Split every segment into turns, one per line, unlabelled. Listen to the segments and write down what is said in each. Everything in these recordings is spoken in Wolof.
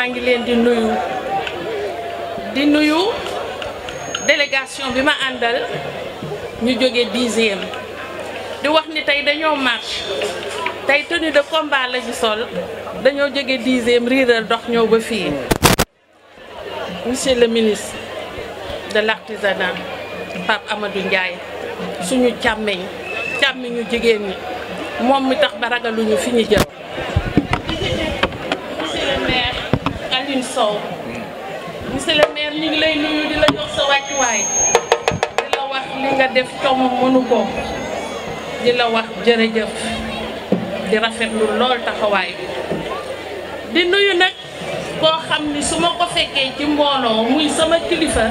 maa ngi leen di nuyu di nuyu délégation bi ma àndal ñu jóge dixième di wax ni tey dañoo marche tey tenue de combat la ñu sol dañoo jóge dixième riiral dox ñëw ba fii monsieur le ministre de l'artisanat Pape Amadou Ndiaye suñu càmmeñ càmmiñu jigéen ñi moom mi tax ba ragaluñu fi ñu jëm Alioune Sow monsieur le maire ñu ngi lay nuyu di la sa wàccuwaay di la wax li nga def comme mënu ko di wax jërëjëf di rafetlu lool taxawaay bi di nuyu nag koo xam ni su ma ko fekkee ci mbooloo muy sama kilifa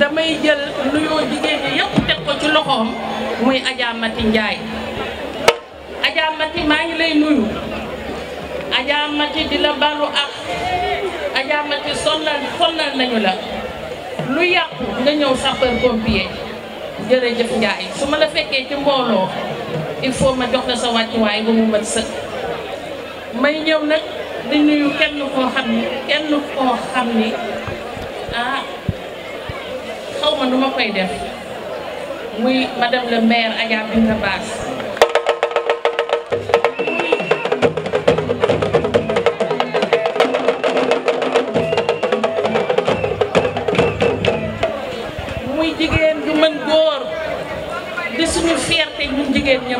damay jël nuyoo jigéen ñi yëpp teg ko ci loxoom muy Adja Mati Ndiaye maa ngi lay nuyu Adja Mati balu ak Adja Macky sonnal nañu la lu yàqu nga ñëw sapeur pompier jërëjëf Ndiaye su ma la fekkee ci mbooloo il faut ma jox la sa wàccuwaay ba mu mat sëkk may ñëw nag di nuyu kenn koo xam ni kenn koo xam ni ah xaw ma nu ma koy def muy madame le maire Adja Binta Bass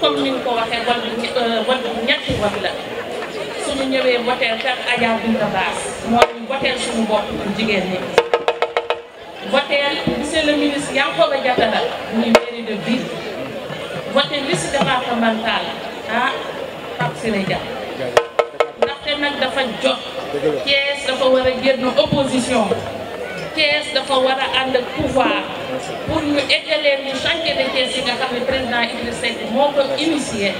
comme ni nga ko waxee wàllu euh, ñetti wax la suñu ñëwee woteel Cheikh Adja Binta Bass mooy woteel suñu bopp jigéen ñi woteel monsieur le ministre Yankhoba Diattara muy mairie de ville woteel liste départementale ah Pape Siré Dia ndaxte nag dafa jot Thiès dafa war a génn opposition Thiès dafa war a ànd ak pouvoir pour ñu eggalee ñu chantier de Thiès yi nga xam ne président Idrissa moo ko initié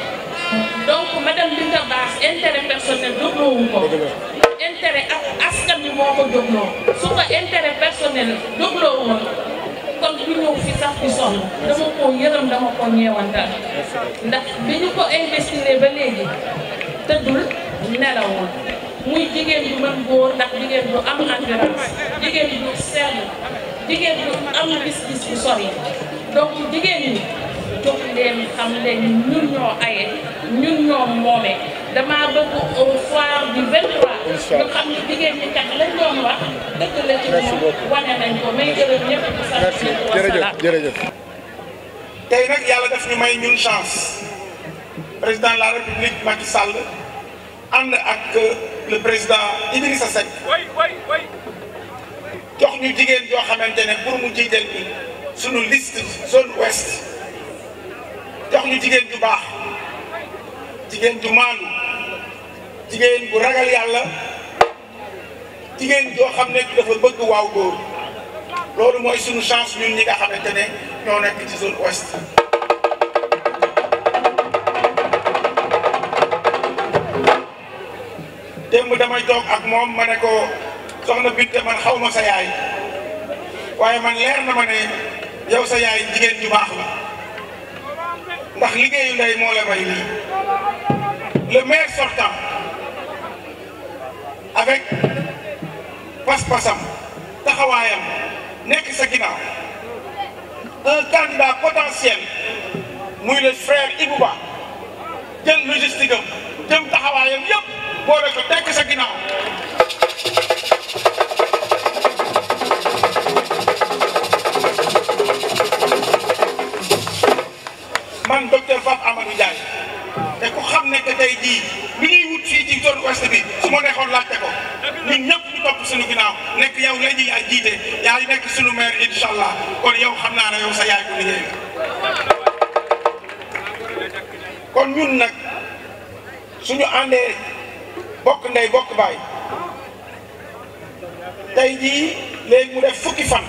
donc madame Binta bi moo ko dogloo su ko intérêt woon kon du ñëw fi sax di sonn dama koo yërëm dama koo ñeewantal ndax bi ñu ko investir ba léegi tëddul nelawul muy jigéen bu mën góor ndax jigéen bu am endurance jigéen bu sell jigéen bu am gis-gis bu sori donc jigéen ñi jox leen xam leen ñun ñoo aye ñun ñoo moome damaa bëgg au soir du 23 ñu xam ne jigéen ñi kat lañ doon wax dëgg la ci moom wane nañ ko may gërëm ñëpp di sant ñëpp jërëjëf
jërëjëf
tey nag yàlla daf ñu may ñun chance président de la république Macky Sall ànd ak le président Idrissa Seck jox ñu jigéen joo xamante ne pour mu jiiteel bi suñu liste zone ouest jox ñu jigéen ju baax jigéen ju maandu jigéen bu ragal yàlla jigéen joo xam ne dafa bëgg waaw góor loolu mooy suñu chance ñun ñi nga xamante ne ñoo nekk ci zone ouest damay toog ak moom ma ne ko soxna Binte man xaw ma sa yaay waaye man leer na ma ne yow sa yaay jigéen ju baax la ndax liggéeyu ndey moo la may lii le maire sortant avec pas-pasam taxawaayam nekk sa ginnaaw un candidat potentiel muy le frère Ibou Ba jël logistique am jëm taxawaayam yëpp. boole ko tekk sa ginnaaw. man docteur Pape Amadou Ndiaye te ku xam ne que tey jii bi ñuy wut fii ci zone ouest bi su ma neexoon laajte ko ñun ñëpp ñu topp suñu ginnaaw nekk yow la ñuy yaay jiite yaay nekk suñu maire incha allah kon yow xam naa ne yow sa yaay bu liggéey kon ñun nag suñu àndee Bok ndey bokk baay tey jii léegi mu def fukki fan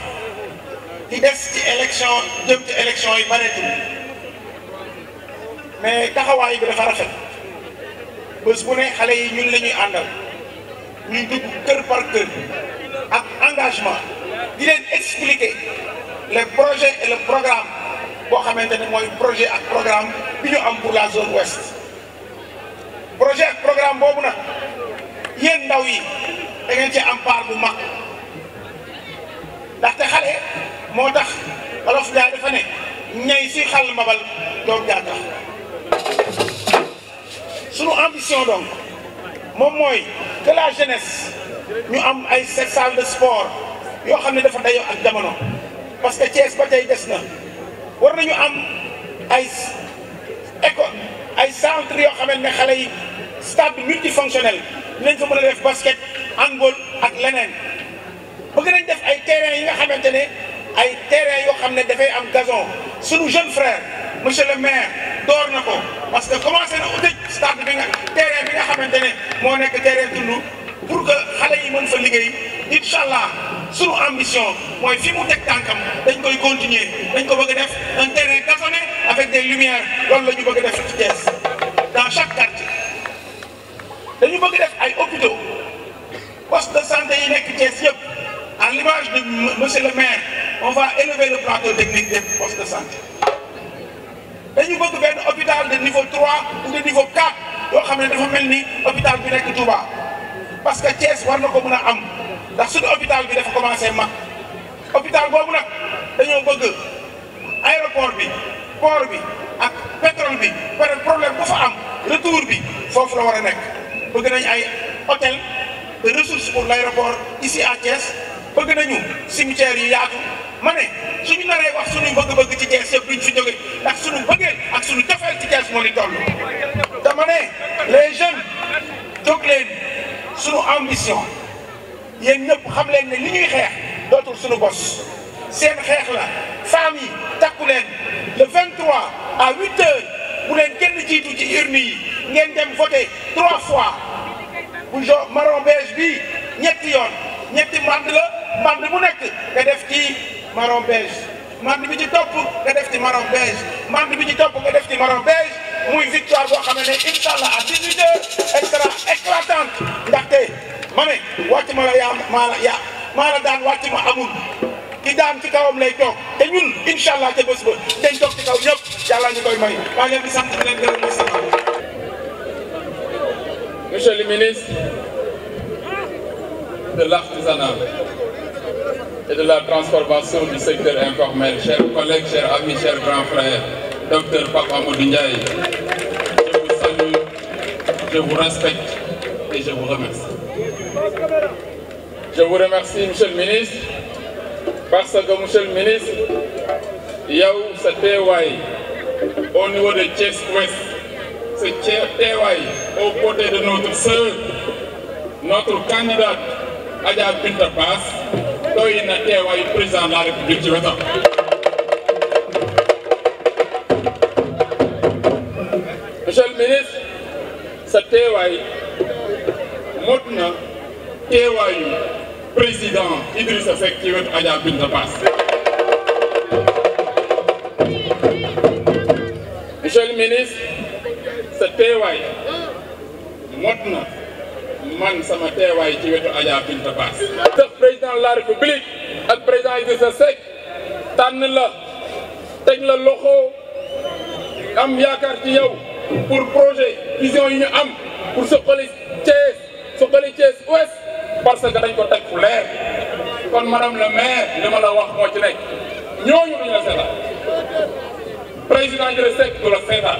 di des ci élection jëm élection yi bareetul mais taxawaay bi dafa rafet bés bu ne xale yi ñun la ñuy àndal ñuy dugg kër par ak engagement di leen expliquer les projets et le programme boo xamante ne mooy projet ak programme bi ñu am pour la zone ouest projet programme boobu nag yéen ndaw yi da ci am part bu mag ndaxte xale moo tax wolof daal dafa ne ñay si xal mabal doom jaa tax sunu ambition donc moom mooy que la jeunesse ñu am ay set de sport yoo xam ne dafa dayoo ak jamono parce que Thiès ba tey des na war nañu am ay école ay centre yoo xamante ne xale yi stade bi multifonctionnel dinañ fa mën a def basket handball ak leneen bëgg nañ def ay terrain yi nga xamante ne ay terrain yoo xam ne dafay am gazon sunu jeune frère monsieur le maire door na ko parce que commencé na au stade bi nga terrain bi nga xamante ne moo nekk terrain dund pour que xale yi mën fa liggéey inshallah sunu ambition mooy fi mu teg tànkam dañ koy continuer dañ ko bëgg def un terrain gazonné avec des lumières loolu la ñu bëgg def ci Thiès dans chaque quartier. dañu bëgg def ay hôpitaux poste de santé yi nekk Thiès yëpp à l'image de monsieur le maire on va élever le plateau technique des postes de santé dañu bëgg benn hôpital de niveau 3 ou de niveau 4 yoo xam ne dafa mel ni hôpital bi nekk Touba parce que Thiès war na ko mën a am ndax suñu hôpital bi dafa commencé ma hôpital boobu nag dañoo bëgg aéroport bi port bi ak pétrole bi par problème bu fa am retour bi foofu la war a nekk bëgg nañ ay hôtel de ressources pour l'aéroport ici à Thiès bëgg nañu cimetière yu yaatu ma ne suñu naree wax suñu bëgg-bëgg ci Thiès yëpp duñ fi jóge ndax suñu bëggee ak suñu cofeel ci Thiès moo ni toll dama ne les jeunes jóg leen suñu ambition yéen ñëpp xam leen ne li ñuy xeex dootul suñu bos seen xeex la femmes yi takku leen le 23 à 8 heures bu leen kenn jiitu ci urne yi ngeen dem voté trois fois bu jo marron beige bi ñetti yoon ñetti mand la mand mu nekk nga def ci marron beige mand bi ci top nga def ci marron beige mand bi ci top nga def ci marron beige muy victoire boo xam inshallah incha allah à 18 heures elle sera éclatante ndaxte ma wàcc ma la yaa maa la yaa maa la daan wàcc ma amul ki daan ci kawam lay toog te ñun inshallah allah ca bés ba dañ toog ci kaw ñëpp yàlla ñu koy may maa ngi leen di sant di leen gërëm
Monsieur le ministre de l'artisanat et de la transformation du secteur informel, chers collègues, chers amis, chers grands frères, docteur Papa je vous salue, je vous respecte et je vous remercie. Je vous remercie, Monsieur le ministre, parce que, Monsieur le ministre, cette Satewai, au niveau de tchèque ouest ce teewaay aux côtés de notre sœur notre candidate Adja Binta Bass doy na président de la République du monsieur le ministre c'est teewaay mot na président Idrissa Seck République wetu Adja monsieur le ministre. teewaay mot man sama teewaay ci wetu Adja Binta Bass sax président de la république ak président de Seck tànn la teg la loxo am yaakaar ci yow pour projet vision yi ñu am pour suqali Thiès ce collège ouest parce que dañ ko teg fu leer kon madame le maire li ma la wax moo ci nekk ñooñu duñu la seetaan président Idrissa Seck du la seetaan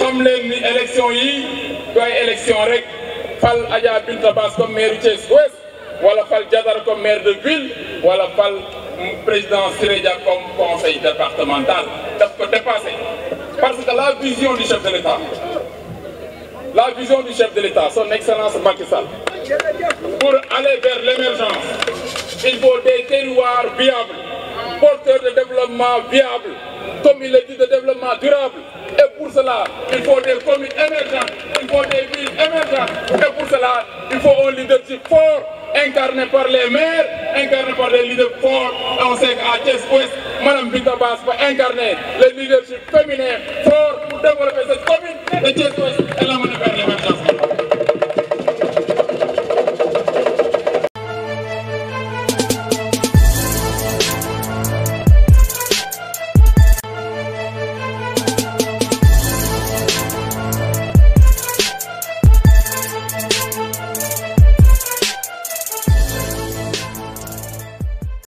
Comme les élections élection yi du élection rek fal Adja comme maire de Ouest wala fal jadar comme maire de ville wala fal président Sireja comme conseil départemental parce que la vision du chef de l'État la vision du chef de l'État son excellence Macky Sall pour aller vers l'émergence il faut des terroirs viables porteurs de développement viables comme il est dit, de développement durable. Et pour cela, il faut des communes émergentes, il faut des villes émergentes. Et pour cela, il faut un leadership fort, incarné par les maires, incarné par les leaders forts. Et on sait qu'à Thiès-Ouest, Mme Bitabas va incarner le leadership féminin fort pour développer cette commune de Thiès-Ouest.